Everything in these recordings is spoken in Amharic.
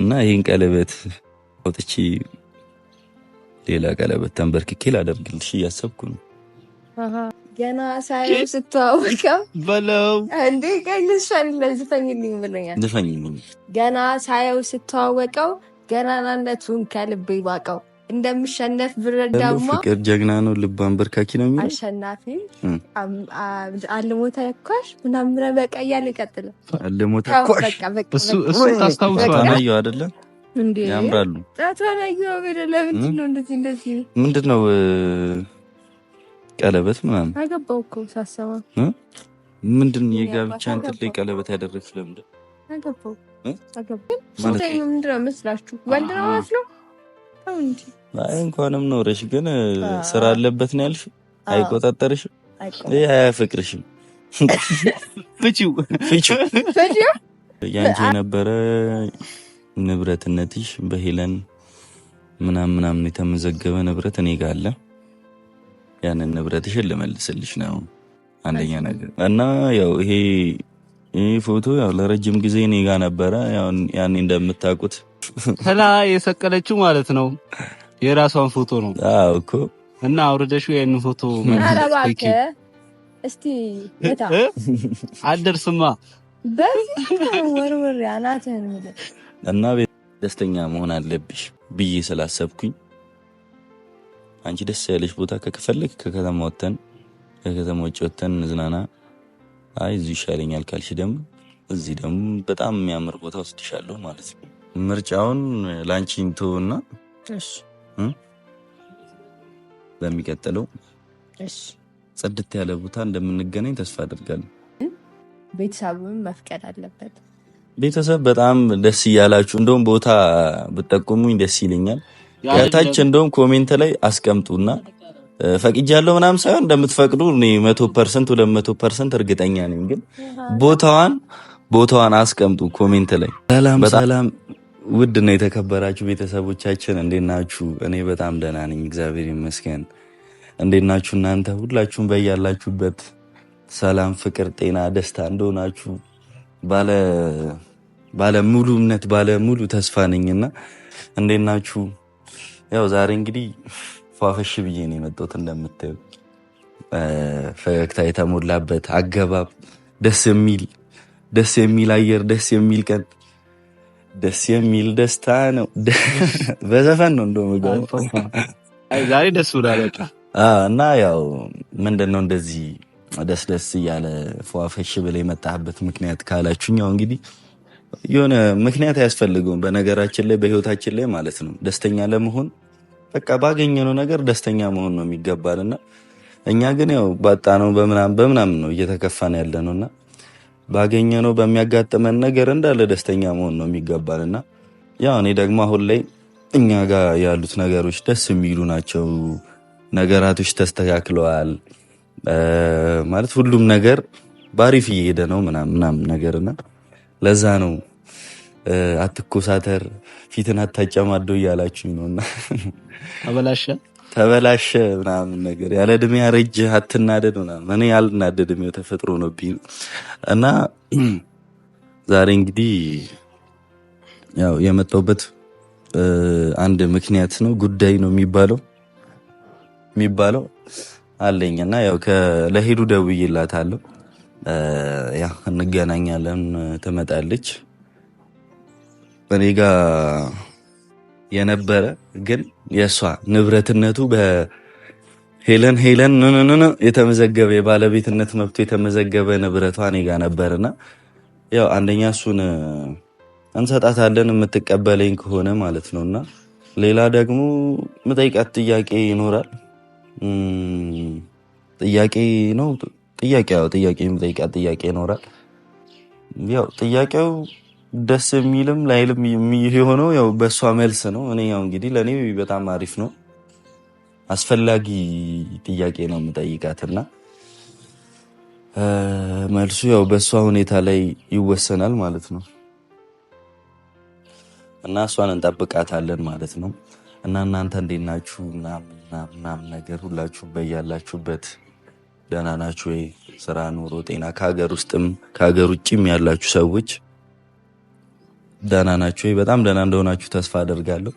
እና ይህን ቀለበት ወጥቼ ሌላ ቀለበት ተንበርክኬ ላደርግልሽ እያሰብኩ ነው። ገና ሳይም ስተዋወቀው በለው እንዴ ቀኝ እሷን ለዝፈኝልኝ ብሎኛል። ገና ሳየው ስተዋወቀው ገናናነቱን ከልብ ይባቀው እንደምሸነፍ ብረዳማ ፍቅር ጀግና ነው፣ ልባም በርካኪ ነው የሚለው አሸናፊ አልሞ ተኳሽ ምናምረ በቃ እያለ ይቀጥላል። አልሞ ተኳሽ እሱ ታስታውሰዋለህ ያምራሉ። ምንድን ነው ቀለበት ምናምን አገባው እኮ ሳሰባ ምንድን የጋብቻ እንትን ላይ ቀለበት ያደረግ ስለምንድን አገባው አገባው ምንድን ነው መስላችሁ ወንድ ነው መስሎ አይ እንኳንም ኖረሽ፣ ግን ስራ አለበት ነው ያልሽ። አይቆጣጠርሽም፣ ይህ አያፈቅርሽም። ያንቺ የነበረ ንብረትነትሽ በሄለን ምናም ምናምን የተመዘገበ ንብረት እኔ ጋ አለ። ያንን ንብረትሽን ልመልስልሽ ነው አንደኛ ነገር እና ያው ይሄ ይህ ፎቶ ያው ለረጅም ጊዜ እኔ ጋ ነበረ። ያን እንደምታውቁት ተላ የሰቀለችው ማለት ነው የራሷን ፎቶ ነው እኮ እና አውርደሽው ይህን ፎቶ እስቲ አደርስማ ወርወር አናትህን እና ደስተኛ መሆን አለብሽ ብዬ ስላሰብኩኝ አንቺ ደስ ያለሽ ቦታ ከከፈለግ ከከተማ ወተን ከከተማ ውጭ ወተን ዝናና። አይ እዚሁ ይሻለኛል ካልሽ ደግሞ እዚህ ደግሞ በጣም የሚያምር ቦታ ወስድሻለሁ ማለት ነው። ምርጫውን ላንቺ እንተውና በሚቀጥለው ጽድት ያለ ቦታ እንደምንገናኝ ተስፋ አድርጋለሁ። ቤተሰብም መፍቀድ አለበት። ቤተሰብ በጣም ደስ እያላችሁ እንደውም ቦታ ብጠቁሙኝ ደስ ይለኛል። ያታች እንደውም ኮሜንት ላይ አስቀምጡና ፈቅጃለሁ ምናምን ሳይሆን እንደምትፈቅዱ መቶ ፐርሰንት ሁለት መቶ ፐርሰንት እርግጠኛ ነኝ። ግን ቦታዋን ቦታዋን አስቀምጡ ኮሜንት ላይ ሰላም ውድ ነው የተከበራችሁ ቤተሰቦቻችን እንዴት ናችሁ? እኔ በጣም ደህና ነኝ፣ እግዚአብሔር ይመስገን። እንዴት ናችሁ እናንተ? ሁላችሁም በያላችሁበት ሰላም፣ ፍቅር፣ ጤና፣ ደስታ እንደሆናችሁ ባለ ሙሉ እምነት ባለ ሙሉ ተስፋ ነኝና እንዴት ናችሁ? ያው ዛሬ እንግዲህ ፏፈሽ ብዬ ነው የመጣሁት። እንደምታዩ ፈገግታ የተሞላበት አገባብ፣ ደስ የሚል ደስ የሚል አየር፣ ደስ የሚል ቀን ደስ የሚል ደስታ ነው። በዘፈን ነው ምግብ ዛሬ ደስ ብሏል በቃ እና ያው ምንድን ነው እንደዚህ ደስ ደስ እያለ ፏፈሽ ብለህ የመጣህበት ምክንያት ካላችሁኝ፣ ያው እንግዲህ የሆነ ምክንያት አያስፈልገውም። በነገራችን ላይ በህይወታችን ላይ ማለት ነው ደስተኛ ለመሆን በቃ ባገኘነው ነገር ደስተኛ መሆን ነው የሚገባልና እኛ ግን ያው ባጣ ነው በምናምን በምናምን ነው እየተከፋን ያለ ነውና ባገኘ ነው በሚያጋጥመን ነገር እንዳለ ደስተኛ መሆን ነው የሚገባን እና ያው እኔ ደግሞ አሁን ላይ እኛ ጋር ያሉት ነገሮች ደስ የሚሉ ናቸው። ነገራቶች ተስተካክለዋል ማለት ሁሉም ነገር ባሪፍ እየሄደ ነው ምናምን ነገርና ለዛ ነው አትኮሳተር ፊትን አታጨማደው እያላችሁ ነውና አበላሸ ተበላሸ ምናምን ነገር ያለ እድሜ ያረጀ አትናደድ ምናምን። እኔ አልናደድም ተፈጥሮ ነው ብኝ እና ዛሬ እንግዲህ ያው የመጣውበት አንድ ምክንያት ነው ጉዳይ ነው የሚባለው የሚባለው አለኝ እና ያው ለሄዱ ደውዬላታለሁ። ያ እንገናኛለን፣ ትመጣለች እኔ ጋር የነበረ ግን የእሷ ንብረትነቱ በሄለን ሄለን ንንንን የተመዘገበ የባለቤትነት መብቱ የተመዘገበ ንብረቷ እኔ ጋ ነበርና ያው አንደኛ እሱን እንሰጣታለን የምትቀበለኝ ከሆነ ማለት ነው። እና ሌላ ደግሞ ምጠይቃት ጥያቄ ይኖራል። ጥያቄ ነው ጥያቄ ጥያቄ ምጠይቃት ጥያቄ ይኖራል። ያው ጥያቄው ደስ የሚልም ላይልም የሆነው ያው በእሷ መልስ ነው። እኔ ያው እንግዲህ ለእኔ በጣም አሪፍ ነው። አስፈላጊ ጥያቄ ነው የምጠይቃትና መልሱ ያው በእሷ ሁኔታ ላይ ይወሰናል ማለት ነው እና እሷን እንጠብቃታለን ማለት ነው እና እናንተ እንዴት ናችሁ? ምናምን ነገር ሁላችሁ በያላችሁበት ደህና ናችሁ ወይ? ስራ፣ ኑሮ፣ ጤና ከሀገር ውስጥም ከሀገር ውጭም ያላችሁ ሰዎች ደህና ወይ? በጣም ደህና እንደሆናችሁ ተስፋ አደርጋለሁ።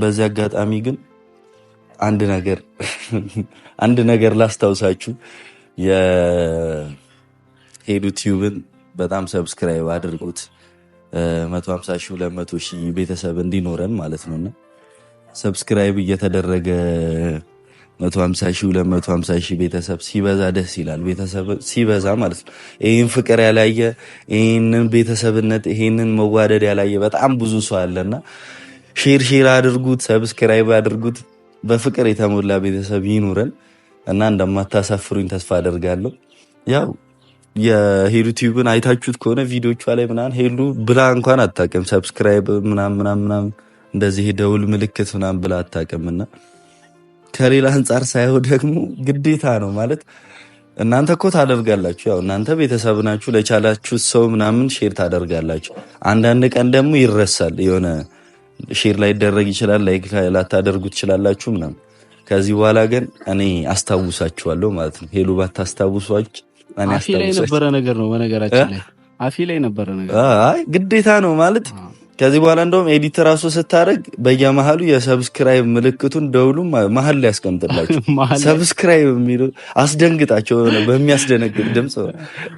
በዚህ አጋጣሚ ግን አንድ ነገር አንድ ነገር ላስታውሳችሁ የሄዱ ቲዩብን በጣም ሰብስክራይብ አድርጉት። 150 ሺህ 200 ሺህ ቤተሰብ እንዲኖረን ማለት ነውና ሰብስክራይብ እየተደረገ 150 ሺህ 250 ሺህ ቤተሰብ ሲበዛ ደስ ይላል። ቤተሰብ ሲበዛ ማለት ነው። ይህን ፍቅር ያላየ ይህንን ቤተሰብነት ይህንን መዋደድ ያላየ በጣም ብዙ ሰው አለና ሼር ሼር አድርጉት፣ ሰብስክራይብ አድርጉት። በፍቅር የተሞላ ቤተሰብ ይኑረን እና እንደማታሳፍሩኝ ተስፋ አደርጋለሁ። ያው የሄሉቲዩብን አይታችሁት ከሆነ ቪዲዮቿ ላይ ምናምን ሄሉ ብላ እንኳን አታውቅም። ሰብስክራይብ ምናምን ምናምን እንደዚህ ደውል ምልክት ምናምን ብላ አታውቅምና ከሌላ አንጻር ሳየው ደግሞ ግዴታ ነው ማለት እናንተ እኮ ታደርጋላችሁ። ያው እናንተ ቤተሰብ ናችሁ፣ ለቻላችሁ ሰው ምናምን ሼር ታደርጋላችሁ። አንዳንድ ቀን ደግሞ ይረሳል። የሆነ ሼር ላይደረግ ይችላል፣ ላይክ ላታደርጉ ትችላላችሁ ምናምን። ከዚህ በኋላ ግን እኔ አስታውሳችኋለሁ ማለት ነው። ሄሉ ባታስታውሷች አፊ ላይ ነበረ ነገር ነው። በነገራችን ላይ አፊ ላይ ነበረ ነገር አይ ግዴታ ነው ማለት ከዚህ በኋላ እንደውም ኤዲት ራሱ ስታደርግ በየመሀሉ የሰብስክራይብ ምልክቱን ደውሉ መሀል ላይ ያስቀምጥላቸው ሰብስክራይብ የሚሉ አስደንግጣቸው ሆነ በሚያስደነግጥ ድምፅ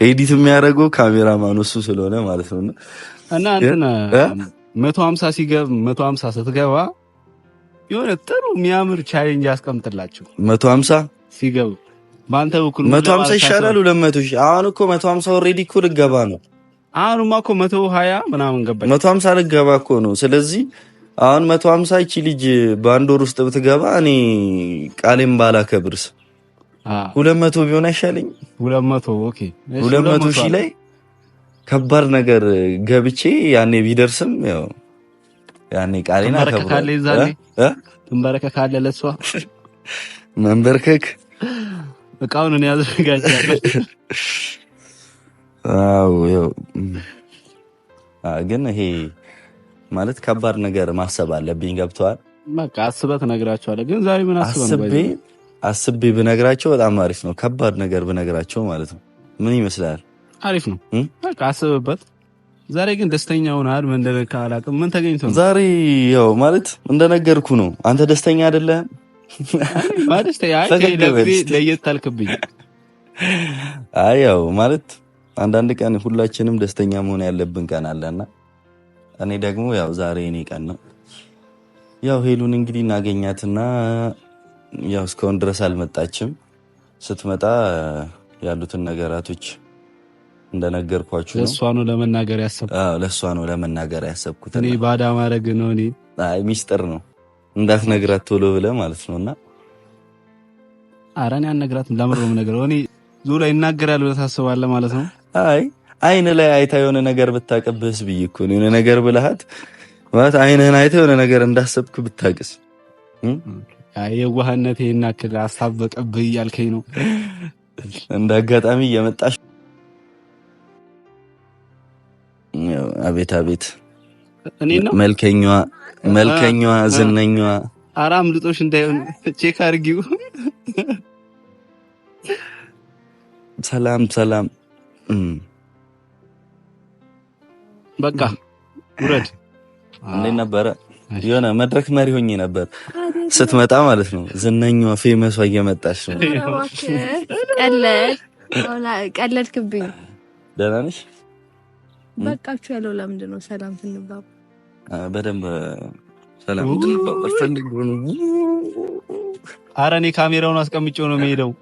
ኤዲት የሚያደርገው ካሜራ እሱ ስለሆነ ማለት ነው። እና እንትን መቶ ሀምሳ ሲገብ መቶ ሀምሳ ስትገባ የሆነ ጥሩ የሚያምር ቻሌንጅ ያስቀምጥላቸው መቶ ሀምሳ ሲገቡ በአንተ በኩል መቶ ሀምሳ ይሻላል ሁለት መቶ አሁን እኮ መቶ ሀምሳ ኦልሬዲ እኮ ልገባ ነው አሁንማ እኮ መቶ ሀያ ምናምን ገባ መቶ ሀምሳ ልገባ እኮ ነው። ስለዚህ አሁን መቶ ሀምሳ ይቺ ልጅ በአንድ ወር ውስጥ ብትገባ እኔ ቃሌም ባላከብርስ ሁለት መቶ ቢሆን አይሻለኝ? ሁለት መቶ ኦኬ፣ ሁለት መቶ ሺህ ላይ ከባድ ነገር ገብቼ ያኔ ቢደርስም ያው ያኔ ቃሌን አከብራለሁ። ትንበረከ ካለ ለሷ መንበርከክ እቃውን እኔ ያዘጋጃለሁ ግን ይሄ ማለት ከባድ ነገር ማሰብ አለብኝ። ገብተዋል። አስበት ነግራቸዋለ። ግን ዛሬ ምን አስቤ አስቤ ብነግራቸው በጣም አሪፍ ነው። ከባድ ነገር ብነግራቸው ማለት ነው። ምን ይመስላል? አሪፍ ነው። በቃ አስብበት። ዛሬ ግን ደስተኛ ሆናል። ምን እንደነካህ አላውቅም። ምን ተገኝቶ ነው ዛሬ? ያው ማለት እንደነገርኩ ነው። አንተ ደስተኛ አይደለህም። ለየት አልክብኝ። አይ ያው ማለት አንዳንድ ቀን ሁላችንም ደስተኛ መሆን ያለብን ቀን አለና እኔ ደግሞ ያው ዛሬ እኔ ቀን ነው። ያው ሄሉን እንግዲህ እናገኛትና ያው እስካሁን ድረስ አልመጣችም። ስትመጣ ያሉትን ነገራቶች እንደነገርኳችሁ ለእሷ ነው ለመናገር ያሰብኩት። ለእሷ ነው ለመናገር ያሰብኩት። እኔ ባዳ ማድረግ ነው እኔ። አይ ሚስጥር ነው እንዳትነግራት ቶሎ ብለ ማለት ነውና፣ ኧረ እኔ አልነግራትም። ለምሮም ነገር እኔ ዙ ላይ ይናገራል ብለህ ታስባለህ ማለት ነው። አይ አይን ላይ አይታ የሆነ ነገር ብታቀብስ ብዬ እኮ ነው። የሆነ ነገር ብልሃት ማለት አይንህን አይታ የሆነ ነገር እንዳሰብክ ብታቅስ የዋህነት ይህን ያክል አሳበቀብ እያልከኝ ነው። እንደ አጋጣሚ እየመጣሽ አቤት አቤት፣ መልከኛዋ መልከኛዋ ዝነኛዋ አራም ልጦሽ እንዳይሆን ቼክ አርጊው። ሰላም ሰላም በቃ ውረድ። እንዴት ነበረ? የሆነ መድረክ መሪ ሆኜ ነበር ስትመጣ ማለት ነው። ዝነኛዋ ፌመሷ እየመጣች ነው። ቀለድክብኝ። ደህና ነሽ? በቃችሁ ያለው ለምንድን ነው? ሰላም ስንባባ በደንብ ሰላም ትንባባ እኔ ካሜራውን አስቀምጬው ነው የሚሄደው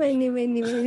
ወይኔ ወይኔ ወይኔ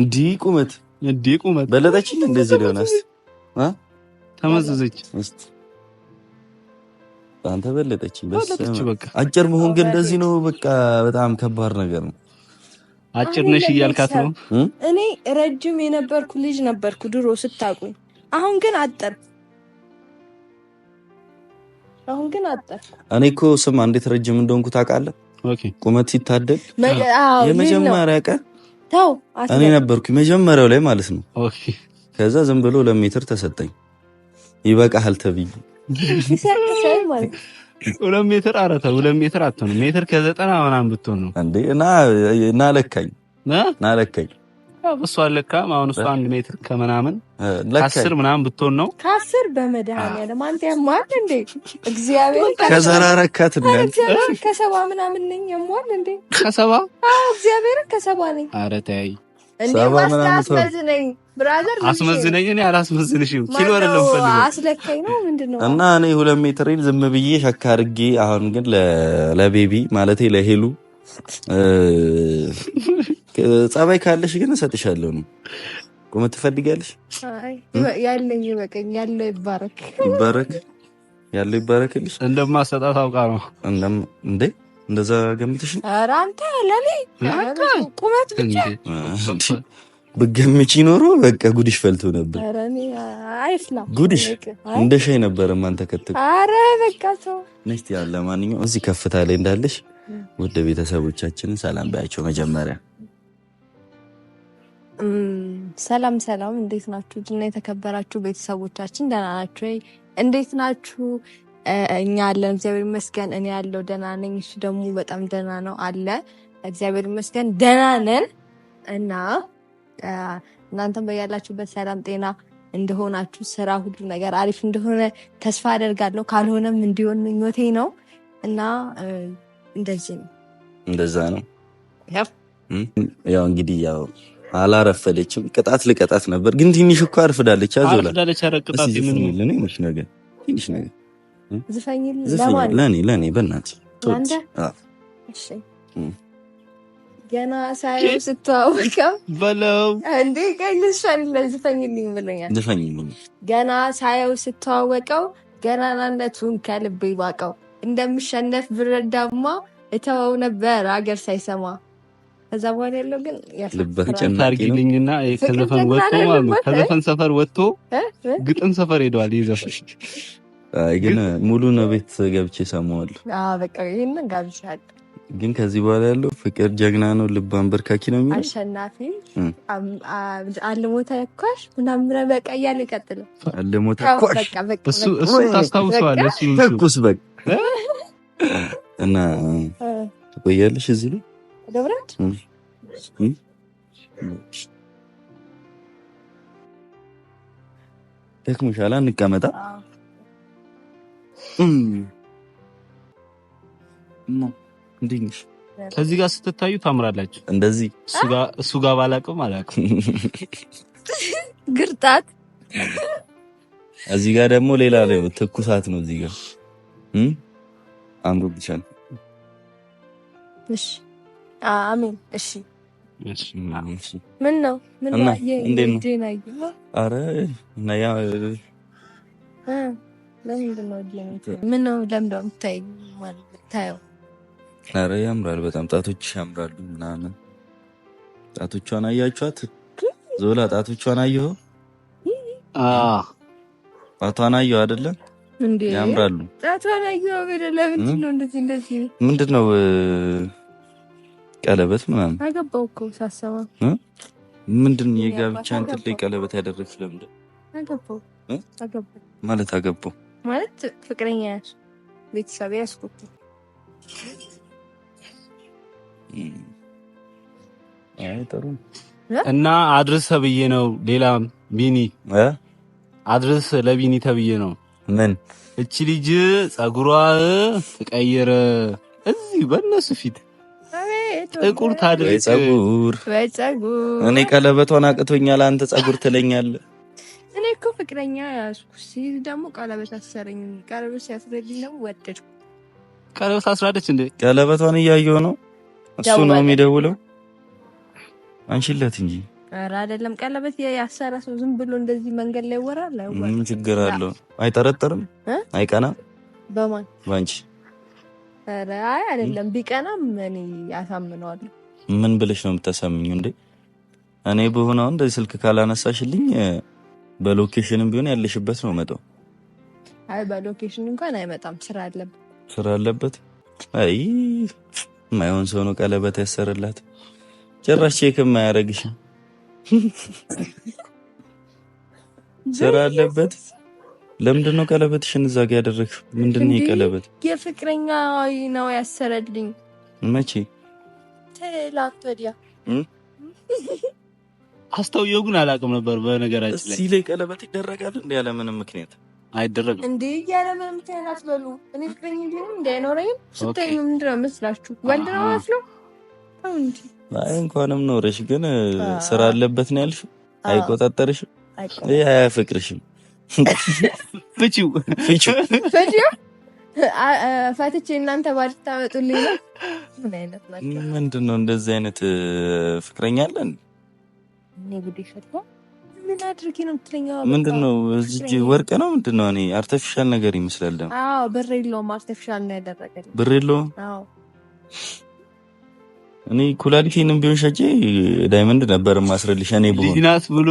እንዲህ ቁመት እንዲህ ቁመት በለጠችን። እንደዚህ ሊሆነስ አ ተመዘዘች። እስቲ አንተ በለጠችኝ። በቃ አጭር መሆን ግን እንደዚህ ነው። በቃ በጣም ከባድ ነገር ነው። አጭር ነሽ እያልካት ነው። እኔ ረጅም የነበርኩ ልጅ ነበርኩ ድሮ ስታቁኝ። አሁን ግን አጠር አሁን ግን አጠር። እኔ እኮ ስም እንዴት ረጅም እንደሆንኩ ታውቃለህ? ቁመት ሲታደል የመጀመሪያ ቀን እኔ ነበርኩ መጀመሪያው ላይ ማለት ነው። ከዛ ዝም ብሎ ለሜትር ተሰጠኝ። ይበቃሃል ተብዬ ሁለት ሜትር ሜትር ከዘጠና ምናምን ብትሆን ነው እና ለካኝ ና ለካኝ እሷ ለካ አሁን እሷ አንድ ሜትር ከምናምን ከአስር ምናምን ብትሆን ነው። ከአስር በመድኃኒዓለም አንተ ያሟል እንዴ እግዚአብሔር ከሰባ ምናምን ነኝ። ያሟል እንዴ ከሰባ እግዚአብሔርን ከሰባ ነኝ። አስመዝነኝ ብራዘር፣ አስመዝነኝ። እኔ አላስመዝንሽም። ኪሎ አይደለም አስለካኝ ነው ምንድን ነው እና እኔ ሁለት ሜትሬን ዝም ብዬ ሸካ አድርጌ አሁን ግን ለቤቢ ማለቴ ለሄሉ ጸባይ ካለሽ ግን እሰጥሻለሁ ነው። ቁመት ትፈልጊያለሽ? ያለኝ በቀኝ ያለው ይባረክ ይባረክ ያለው ይባረክልሽ። እንደማሰጣት አውቃ ነው እንደ እንደዛ ገምትሽ። ኧረ አንተ ለኔ ቁመት ብቻ ብገምች ይኖሮ በቃ ጉድሽ ፈልቶ ነበር። ጉድሽ እንደ ሻይ ነበር። ማን ተከትል አረ በቃ ሰው ነስቲ ያለ ማንኛውም እዚህ ከፍታ ላይ እንዳለሽ ወደ ቤተሰቦቻችን ሰላም ባያቸው መጀመሪያ ሰላም ሰላም፣ እንዴት ናችሁ? ድና የተከበራችሁ ቤተሰቦቻችን ደህና ናችሁ ወይ? እንዴት ናችሁ? እኛ አለን እግዚአብሔር ይመስገን። እኔ ያለው ደህና ነኝ። እሱ ደግሞ በጣም ደህና ነው አለ እግዚአብሔር ይመስገን። ደህና ነን እና እናንተም በያላችሁበት ሰላም ጤና እንደሆናችሁ ስራ ሁሉ ነገር አሪፍ እንደሆነ ተስፋ አደርጋለሁ። ካልሆነም እንዲሆን ምኞቴ ነው እና እንደዚህ ነው እንደዛ ነው ያው እንግዲህ ያው አላረፈደችም። ቅጣት ልቀጣት ነበር ግን ትንሽ እኮ አርፍዳለች። ዝፈኝልኝ ለእኔ ገና ሳይሆን ስተዋወቀው በለው እንዴ ብሎኛል። ገና ሳየው ስተዋወቀው ገናናነቱን ከልቤ ባቀው እንደምሸነፍ ብረዳማ እተወው ነበር አገር ሳይሰማ ከዛ በኋላ ያለው ግን ጨናርጊልኝና ከዘፈን ወጥቶ ማለት ነው። ከዘፈን ሰፈር ወጥቶ ግጥም ሰፈር ሄደዋል። ይህ ዘፈን ግን ሙሉ ነው። ቤት ገብቼ ሰማዋሉ። በቃ ይህን ጋብቻል። ግን ከዚህ በኋላ ያለው ፍቅር ጀግና ነው፣ ልብ አንበርካኪ ነው፣ አሸናፊ አልሞ ተኳሽ ምናምን በቃ እያለ ይቀጥላል። አልሞ ተኳሽ እሱ ታስታውሰዋለህ። ተኩስ በቃ እና ትቆያለሽ እዚህ ላይ ገብረድ ሻላ እንቀመጣ እንዴት ከዚህ ጋር ስትታዩ ታምራላችሁ። እንደዚህ እሱ ጋር ባላቅም አላቅም ግርጣት። እዚህ ጋር ደግሞ ሌላ ላይ ትኩሳት ነው። እዚህ ጋር አምሮብሻል። እሺ አሜን። እሺ ምን ነው ምን ነው ምታየው? አረ ያምራል፣ በጣም ጣቶች ያምራሉ ምናምን። ጣቶቿን አያችኋት? ዞላ ጣቶቿን አየሁ፣ ጣቷን አየሁ አይደለም? ያምራሉ። ጣቷን አየሁ አይደለም? ምንድን ነው ቀለበት ምናምን አገባው እኮ ሳሰበው ምንድን የጋብቻ እንትን ላይ ቀለበት ያደረግሽ ለምንድን አገባው ማለት አገባው ማለት ፍቅረኛ ያዝ ቤተሰብ ያስኩት ጥሩ እና አድርስ ተብዬ ነው። ሌላ ቢኒ አድርስ ለቢኒ ተብዬ ነው። ምን እቺ ልጅ ጸጉሯ ተቀየረ እዚህ በእነሱ ፊት ጥቁር ታድርግ። ጸጉር እኔ ቀለበቷን አቅቶኛል፣ አንተ ጸጉር ትለኛለህ። እኔ እኮ ፍቅረኛ ያዝኩ ሲል ደግሞ ቀለበት አሰረኝ። ቀለበት ሲያስረልኝ ደግሞ ወደድኩ። ቀለበት አስራደች እንዴ? ቀለበቷን እያየው ነው። እሱ ነው የሚደውለው። አንሽለት እንጂ ኧረ አይደለም። ቀለበት ያሰረ ሰው ዝም ብሎ እንደዚህ መንገድ ላይ ወራ ችግር አለው። አይጠረጠርም፣ አይቀናም። በማን ባንቺ አይ አይደለም፣ ቢቀናም እኔ ያሳምነዋለሁ። ምን ብለሽ ነው የምታሳምኙ እንዴ? እኔ በሆነ እንደዚህ ስልክ ካላነሳሽልኝ በሎኬሽንም ቢሆን ያለሽበት ነው መጣው። አይ በሎኬሽን እንኳን አይመጣም፣ ስራ አለበት። ስራ አለበት። አይ ማይሆን ሰው ነው ቀለበት ያሰረላት ጭራሽ ቼክም አያደርግሽም። ስራ አለበት። ለምንድን ነው ቀለበት እዛ ያደረግ? ምንድን ነው ቀለበት? የፍቅረኛ ነው ያሰረልኝ። መቼ? ትላንት ወዲያ። አስተውየው ግን አላውቅም ነበር። በነገራችን ላይ እዚህ ላይ ቀለበት ይደረጋል እንደ ያለምንም ምክንያት አይደረግም እንዴ? ያለምንም ምክንያት አትበሉ። እኔ ፍቅረኛ እንዲሆን እንዳይኖረኝም ስታኝ ምንድን ነው መስላችሁ? ወንድ ነው መስሎ አይ እንኳንም ኖረሽ። ግን ስራ አለበት ነው ያልሽው። አይቆጣጠርሽም፣ አያፈቅርሽም ፍቺው ፍቺው ፍቺው ፈትቼ እናንተ ባልታ በጡልኝ ነው። አይነት ምንድን ነው እንደዚህ አይነት ፍቅረኛ አለን? እንዴ? እኔ ምን አድርጌ ነው የምትለኝ? ምንድን ነው ወርቅ ነው ምንድን ነው? እኔ አርቲፊሻል ነገር ይመስላል። ብር የለውም ነው ያደረገልኝ። ብር የለውም። እኔ ኩላሊቴንም ቢሆን ሸጬ ዳይመንድ ነበር ማስረልሽ። እኔ ብሆን ዲናስ ብሎ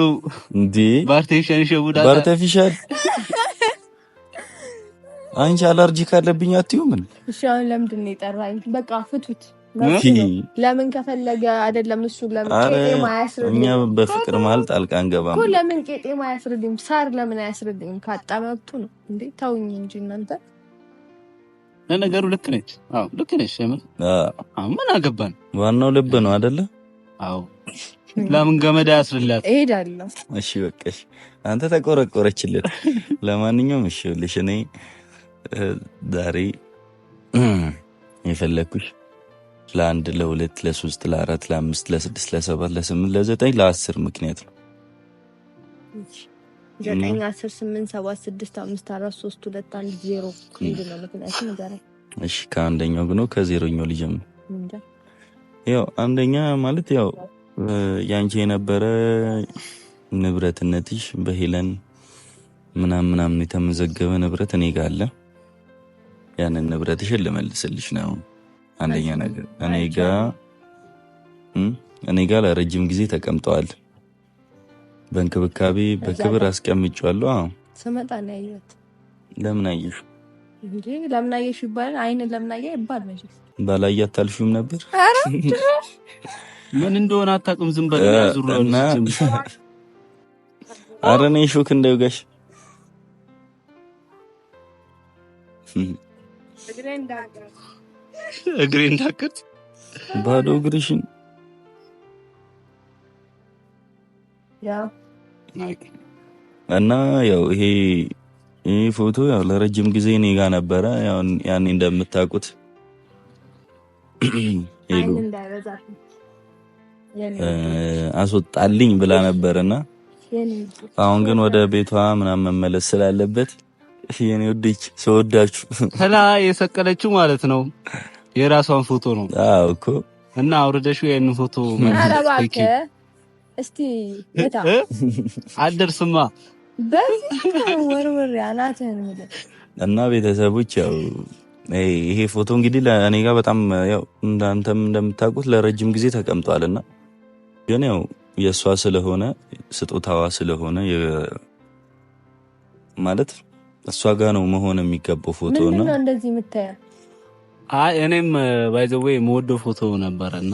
እንዴ ባርቴሽን ሸቡዳ ባርቴፊሻል አንቺ አለርጂ ካለብኝ አትዩም። እሺ አሁን ለምንድን ነው የጠራኝ? በቃ ፍቱት። ለምን ከፈለገ አይደለም እሱ ለምን ቄጤማ አያስርድም? እኛ በፍቅር ማለት ጣልቃ አንገባም እኮ። ለምን ቄጤማ አያስርድም? ሳር ለምን አያስርድም? ካጣመብቱ ነው እንዴ። ተውኝ እንጂ እናንተ ለነገሩ ልክ ነች፣ ልክ ነች። ምን ምን አገባን? ዋናው ልብ ነው አደለ? አዎ። ለምን ገመድ ያስርላት? እሄዳለሁ። እሺ በቃሽ። አንተ ተቆረቆረችልን። ለማንኛውም እሺ፣ ልሽ እኔ ዛሬ የፈለግኩሽ ለአንድ ለሁለት ለሶስት ለአራት ለአምስት ለስድስት ለሰባት ለስምንት ለዘጠኝ ለአስር ምክንያት ነው። ዘጠኝ አስር ስምንት ሰባት ስድስት አምስት አራት ሶስት ሁለት አንድ ዜሮ ምንድን ነው ምክንያቱ? ንገረኝ። እሺ ከአንደኛው ግኖ ከዜሮኛው ልጀምር። ያው አንደኛ ማለት ያው ያንቺ የነበረ ንብረትነትሽ በሄለን ምናም ምናምን የተመዘገበ ንብረት እኔ ጋ አለ። ያንን ንብረትሽን ልመልስልሽ ነው አንደኛ ነገር። እኔ ጋ እኔ ጋ ለረጅም ጊዜ ተቀምጠዋል። በእንክብካቤ በክብር አስቀምጫለሁ። ስመጣ ነው ያየሁት። ለምን አየሽ እንጂ ለምን አየሽ ይባላል። አይን ለምን አየ ይባል ነው ባላየ አታልሽም ነበር። ምን እንደሆነ አታውቅም። ዝም በል ዙሩ። አረ እኔ ሹክ እንደው እንዳይወጋሽ እግሬ እንዳቀጥ ባዶ እግርሽን እና ያው ይሄ ይህ ፎቶ ያው ለረጅም ጊዜ እኔ ጋ ነበረ። ያን እንደምታውቁት አስወጣልኝ ብላ ነበርና አሁን ግን ወደ ቤቷ ምናምን መመለስ ስላለበት የኔ ወደች ሰወዳችሁ ከላ የሰቀለችው ማለት ነው የራሷን ፎቶ ነው። አዎ እኮ እና አውርደሽው ይሄን ፎቶ ማለት እስቲ አደርስማ በወርወር አናትህን እና ቤተሰቦች ያው ይሄ ፎቶ እንግዲህ ለእኔ ጋር በጣም ያው እንዳንተም እንደምታውቁት ለረጅም ጊዜ ተቀምጧል እና ግን ያው የእሷ ስለሆነ ስጦታዋ ስለሆነ ማለት እሷ ጋር ነው መሆን የሚገባው ፎቶ ነው። እንደዚህ የምታየው እኔም ባይዘዌ የምወደው ፎቶ ነበረና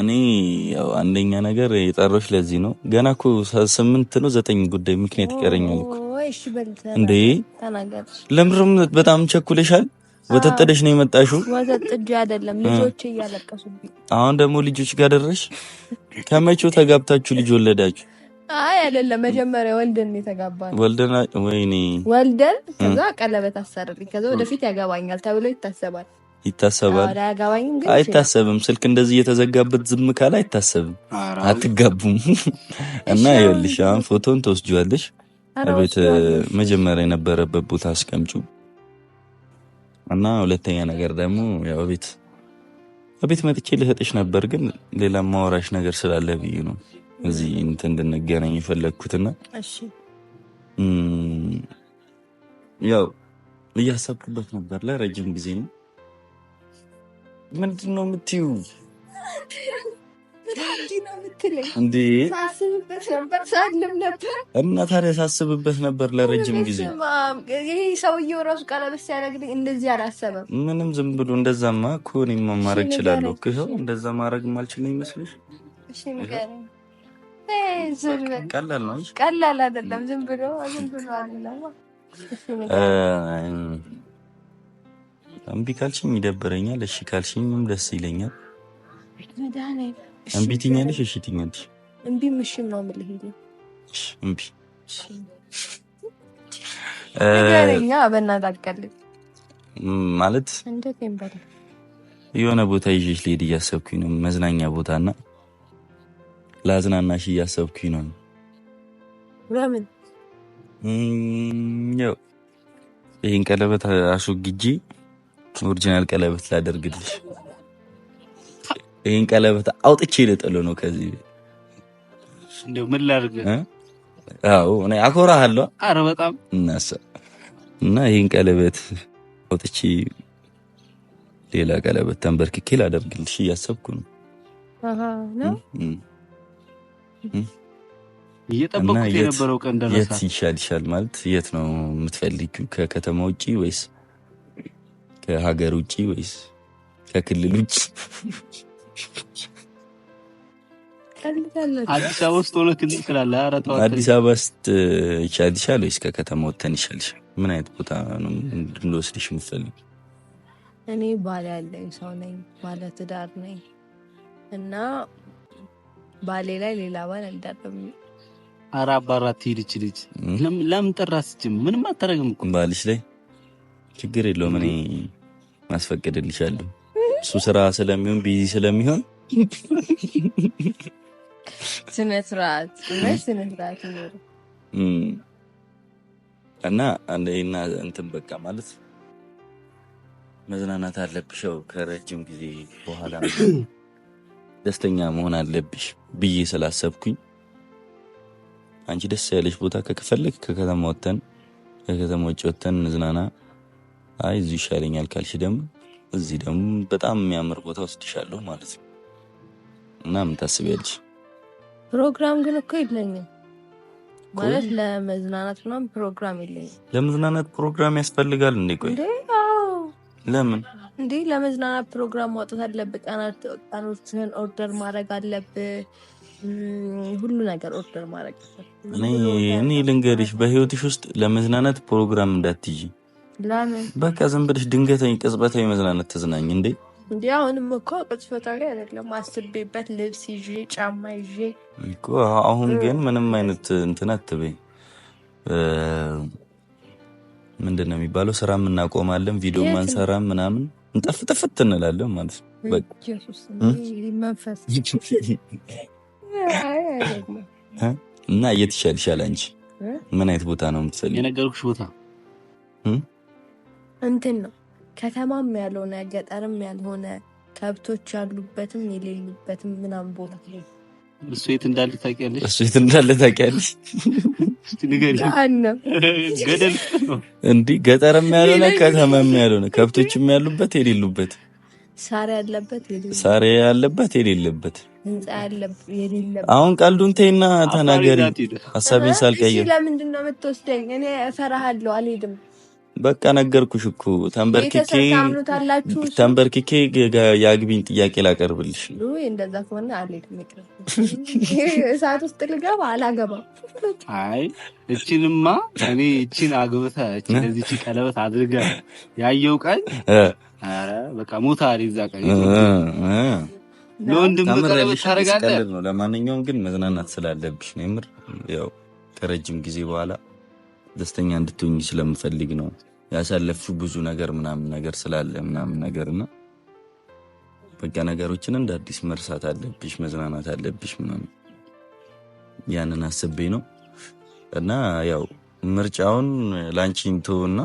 እኔ ያው አንደኛ ነገር የጠሮች ለዚህ ነው። ገና እኮ ስምንት ነው ዘጠኝ ጉዳይ ምክንያት ይቀረኛል እኮ እንዴ። ለምርም በጣም ቸኩለሻል። ወተጠደሽ ነው የመጣሽው? ወተት አይደለም ልጆች እያለቀሱብኝ። አሁን ደግሞ ልጆች ጋር ደረሽ? ከመቼው ተጋብታችሁ ልጅ ወለዳችሁ? አይ አይደለም፣ መጀመሪያ ወልደን የተጋባ ነው። ወልደን ወይኔ፣ ወልደን ከዛ ቀለበት አሰርልኝ፣ ከዛ ወደፊት ያገባኛል ተብሎ ይታሰባል። ይታሰባል አይታሰብም? ስልክ እንደዚህ እየተዘጋበት ዝም ካለ አይታሰብም፣ አትጋቡም። እና ይኸውልሽ አሁን ፎቶን ተወስጇለሽ፣ ቤት መጀመሪያ የነበረበት ቦታ አስቀምጩ እና ሁለተኛ ነገር ደግሞ ያው ቤት ቤት መጥቼ ልሰጥሽ ነበር፣ ግን ሌላ ማወራሽ ነገር ስላለ ብዬ ነው እዚህ እንትን እንድንገናኝ የፈለግኩትና ያው እያሰብኩበት ነበር ለረጅም ጊዜ ነው ምንድን ነው የምትይው? ሳስብበት ነበር ሳልም ነበር እና ታዲያ ሳስብበት ነበር ለረጅም ጊዜ። ይህ ሰውዬው ራሱ ቀለበት ሲያደርግልኝ እንደዚህ አላሰበም። ምንም ዝም ብሎ እንደዛማ እኮ እኔማ ማድረግ እችላለሁ። ሰው እንደዛ ማድረግ ማልችል ይመስልሽ? ቀላል ነው። ቀላል አይደለም። ዝም ብሎ ዝም ብሎ እምቢ ካልሽኝ ይደብረኛል፣ እሺ ካልሽኝም ደስ ይለኛል። እምቢ ትኛለሽ፣ እሺ ትኛለሽ። እምቢም ምሽም ነው የምልህ። እምቢ ማለት የሆነ ቦታ ይዤሽ ልሄድ እያሰብኩኝ ነው፣ መዝናኛ ቦታና ለአዝናናሽ እያሰብኩኝ ነው። ለምን ይሄን ቀለበት አስወግጄ ኦሪጂናል ቀለበት ላደርግልሽ። ይህን ቀለበት አውጥቼ ልጥል ነው ከዚህ ቤት። እንደው ምን ላድርግ? አዎ እኔ አኮራሃለሁ። ኧረ በጣም እናሳ እና ይህን ቀለበት አውጥቼ ሌላ ቀለበት ተንበርክኬ ላደርግልሽ እያሰብኩ ነው እየጠበኩት የነበረው ቀን ደረሰ። የት ይሻልሻል? ማለት የት ነው የምትፈልጊው? ከከተማ ውጪ ወይስ ከሀገር ውጭ ወይስ ከክልል ውጭ? አዲስ አበባ ውስጥ ሆነ ክልል አዲስ አበባ ወይስ ከከተማ ወተን ይሻልሻል? ምን አይነት ቦታ እንድንወስድሽ የምትፈልግ? እኔ ባል ያለኝ ሰው ነኝ፣ ባለ ትዳር ነኝ እና ባሌ ላይ ሌላ ባል አልዳረም። አራ አባራት ሄድች ልጅ ለምን ጠራ ጠራስች? ምንም አታረግም እኮ ባልሽ ላይ ችግር የለውም። እኔ ማስፈቀድልሻለሁ። እሱ ስራ ስለሚሆን ቢዚ ስለሚሆን ስነስርዓት ስነስርዓት እና እንትን በቃ ማለት መዝናናት አለብሽው ከረጅም ጊዜ በኋላ ደስተኛ መሆን አለብሽ ብዬ ስላሰብኩኝ አንቺ ደስ ያለሽ ቦታ ከከፈለግ ከከተማ ወተን ከከተማ ውጭ ወተን ዝናና አይ እዚሁ ይሻለኛል ካልሽ ደግሞ እዚህ ደግሞ በጣም የሚያምር ቦታ ወስድሻለሁ ማለት ነው። እና ምን ታስቢያለሽ? ፕሮግራም ግን እኮ የለኝም ማለት ለመዝናናት ምናምን ፕሮግራም የለኝም። ለመዝናናት ፕሮግራም ያስፈልጋል እንዴ? ቆይ ለምን እንዴ? ለመዝናናት ፕሮግራም ማውጣት አለብህ። ቀኖችን ኦርደር ማድረግ አለብህ። ሁሉ ነገር ኦርደር ማድረግ እኔ ልንገርሽ፣ በህይወትሽ ውስጥ ለመዝናናት ፕሮግራም እንዳትይ በቃ ዝም ብለሽ ድንገተኝ ቅጽበታዊ መዝናናት ተዝናኝ እንዴ! እንዲ አሁንም እኮ ቅጽበታዊ አይደለም፣ አስቤበት ልብስ ይዤ ጫማ ይዤ እኮ። አሁን ግን ምንም አይነት እንትን አትበይ። ምንድን ነው የሚባለው? ስራም እናቆማለን፣ ቪዲዮ አንሰራም፣ ምናምን እንጠፍጥፍት እንላለን ማለት ነው። እና የት ይሻል ይሻል። አንቺ ምን አይነት ቦታ ነው የምትፈልጊው? የነገርኩሽ ቦታ እንትን ነው ከተማም ያልሆነ ገጠርም ያልሆነ ከብቶች ያሉበትም የሌሉበትም ምናም ቦታ እሱ የት እንዳለ ታውቂያለሽ? እሱ የት እንዳለ ታውቂያለሽ? እንዲህ ገጠርም ያልሆነ ከተማም ያልሆነ ከብቶችም ያሉበት የሌሉበት ሳሬ ያለበት የሌለበት አሁን ቀልዱን ተይና ተናገሪ። ሀሳቤን ሳልቀየር ለምንድን ነው የምትወስደኝ? እኔ እፈራሃለሁ፣ አልሄድም በቃ ነገርኩሽ እኮ ተንበርክኬ ተንበርክኬ የአግቢኝ ጥያቄ ላቀርብልሽ። እንደዛ ከሆነ አልሄድም፣ እሳት ውስጥ ልገባ አላገባም። አይ እችንማ እኔ እችን አግብተ እዚች ቀለበት አድርገ ያየው ቀን በቃ ሞታ ሪዛ ቀ ለወንድም ቀለበት ታደርጋለህ። ለማንኛውም ግን መዝናናት ስላለብሽ ነው የምር ያው ከረጅም ጊዜ በኋላ ደስተኛ እንድትሆኝ ስለምፈልግ ነው ያሳለፍሽው ብዙ ነገር ምናምን ነገር ስላለ ምናምን ነገር እና በቃ ነገሮችን እንደ አዲስ መርሳት አለብሽ፣ መዝናናት አለብሽ ምናምን ያንን አስቤ ነው እና ያው ምርጫውን ላንቺን እና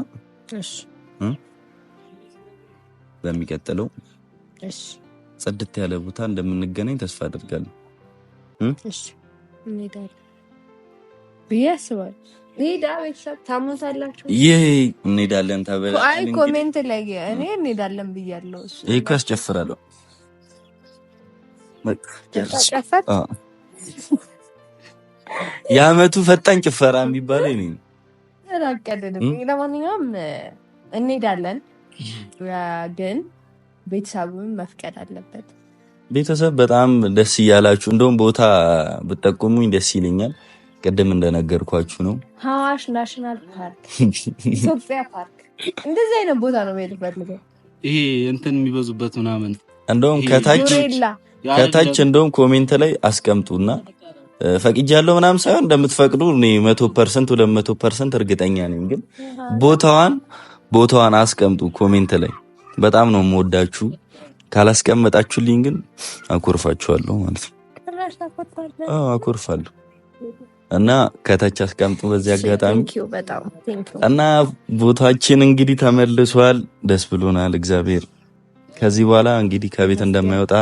በሚቀጥለው ጽድት ያለ ቦታ እንደምንገናኝ ተስፋ አድርጋለሁ ብዬ አስባለሁ። ሄዳ ቤተሰብ ታሞታላችሁ። ይህ እንሄዳለን ተብላ አይ ኮሜንት ላይ እኔ እንሄዳለን ብያለሁ። ይህ እኮ የአመቱ ፈጣን ጭፈራ የሚባለው ይሄ ነው። ለማንኛውም እንሄዳለን፣ ግን ቤተሰቡን መፍቀድ አለበት። ቤተሰብ በጣም ደስ እያላችሁ እንደውም ቦታ ብጠቁሙኝ ደስ ይለኛል። ቅድም እንደነገርኳችሁ ነው ሀዋሽ ናሽናል ፓርክ ኢትዮጵያ ፓርክ እንደዚህ አይነት ቦታ ነው መሄድ ፈልገው ይሄ እንትን የሚበዙበት ምናምን እንደውም ከታች ከታች እንደውም ኮሜንት ላይ አስቀምጡና ፈቅጃለሁ ምናምን ሳይሆን እንደምትፈቅዱ እኔ መቶ ፐርሰንት ወደ መቶ ፐርሰንት እርግጠኛ ነኝ። ግን ቦታዋን ቦታዋን አስቀምጡ ኮሜንት ላይ። በጣም ነው የምወዳችሁ። ካላስቀመጣችሁልኝ ግን አኮርፋችኋለሁ ማለት ነው። አኮርፋለሁ። እና ከታች አስቀምጡ። በዚህ አጋጣሚ እና ቦታችን እንግዲህ ተመልሷል። ደስ ብሎናል። እግዚአብሔር ከዚህ በኋላ እንግዲህ ከቤት እንደማይወጣ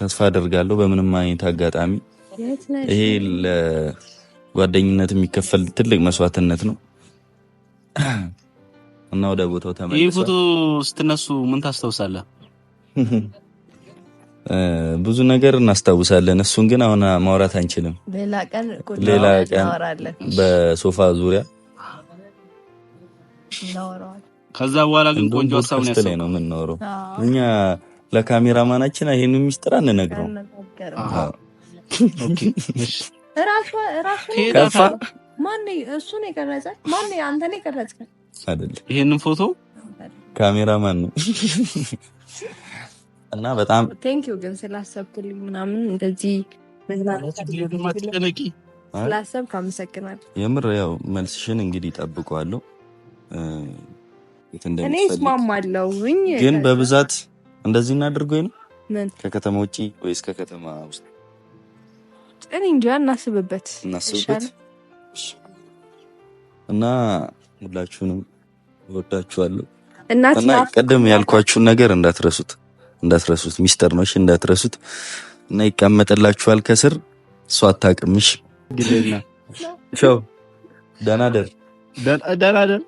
ተስፋ አደርጋለሁ። በምንም አይነት አጋጣሚ ይሄ ለጓደኝነት የሚከፈል ትልቅ መስዋዕትነት ነው እና ወደ ቦታው ተመልሷል። ይህ ፎቶ ስትነሱ ምን ታስታውሳለህ? ብዙ ነገር እናስታውሳለን። እሱን ግን አሁን ማውራት አንችልም። ሌላ ቀን በሶፋ ዙሪያ ከዛ በኋላ ግን ቆንጆ ሀሳብ ነው ነው የምናወራው እኛ ለካሜራማናችን ይሄን ሚስጥር አንነግረው። ይሄንን ፎቶ ካሜራማን ነው እና በጣም ቴንኪው ግን ስላሰብክልኝ ምናምን እንደዚህ መዝናናትጨነቂ ስላሰብክ አመሰግናለሁ። የምር ያው መልስሽን እንግዲህ እጠብቀዋለሁ። እኔ እስማማለሁኝ ግን በብዛት እንደዚህ እናድርገው ነው ከከተማ ውጭ ወይስ ከከተማ ውስጥ? እኔ እንጃ እናስብበት እናስብበት። እና ሁላችሁንም እወዳችኋለሁ እና ቅድም ያልኳችሁን ነገር እንዳትረሱት። እንዳትረሱት፣ ሚስጥር ነው እንዳትረሱት እና ይቀመጥላችኋል ከስር እሷ አታቅምሽ ደህና ደር ደህና ደር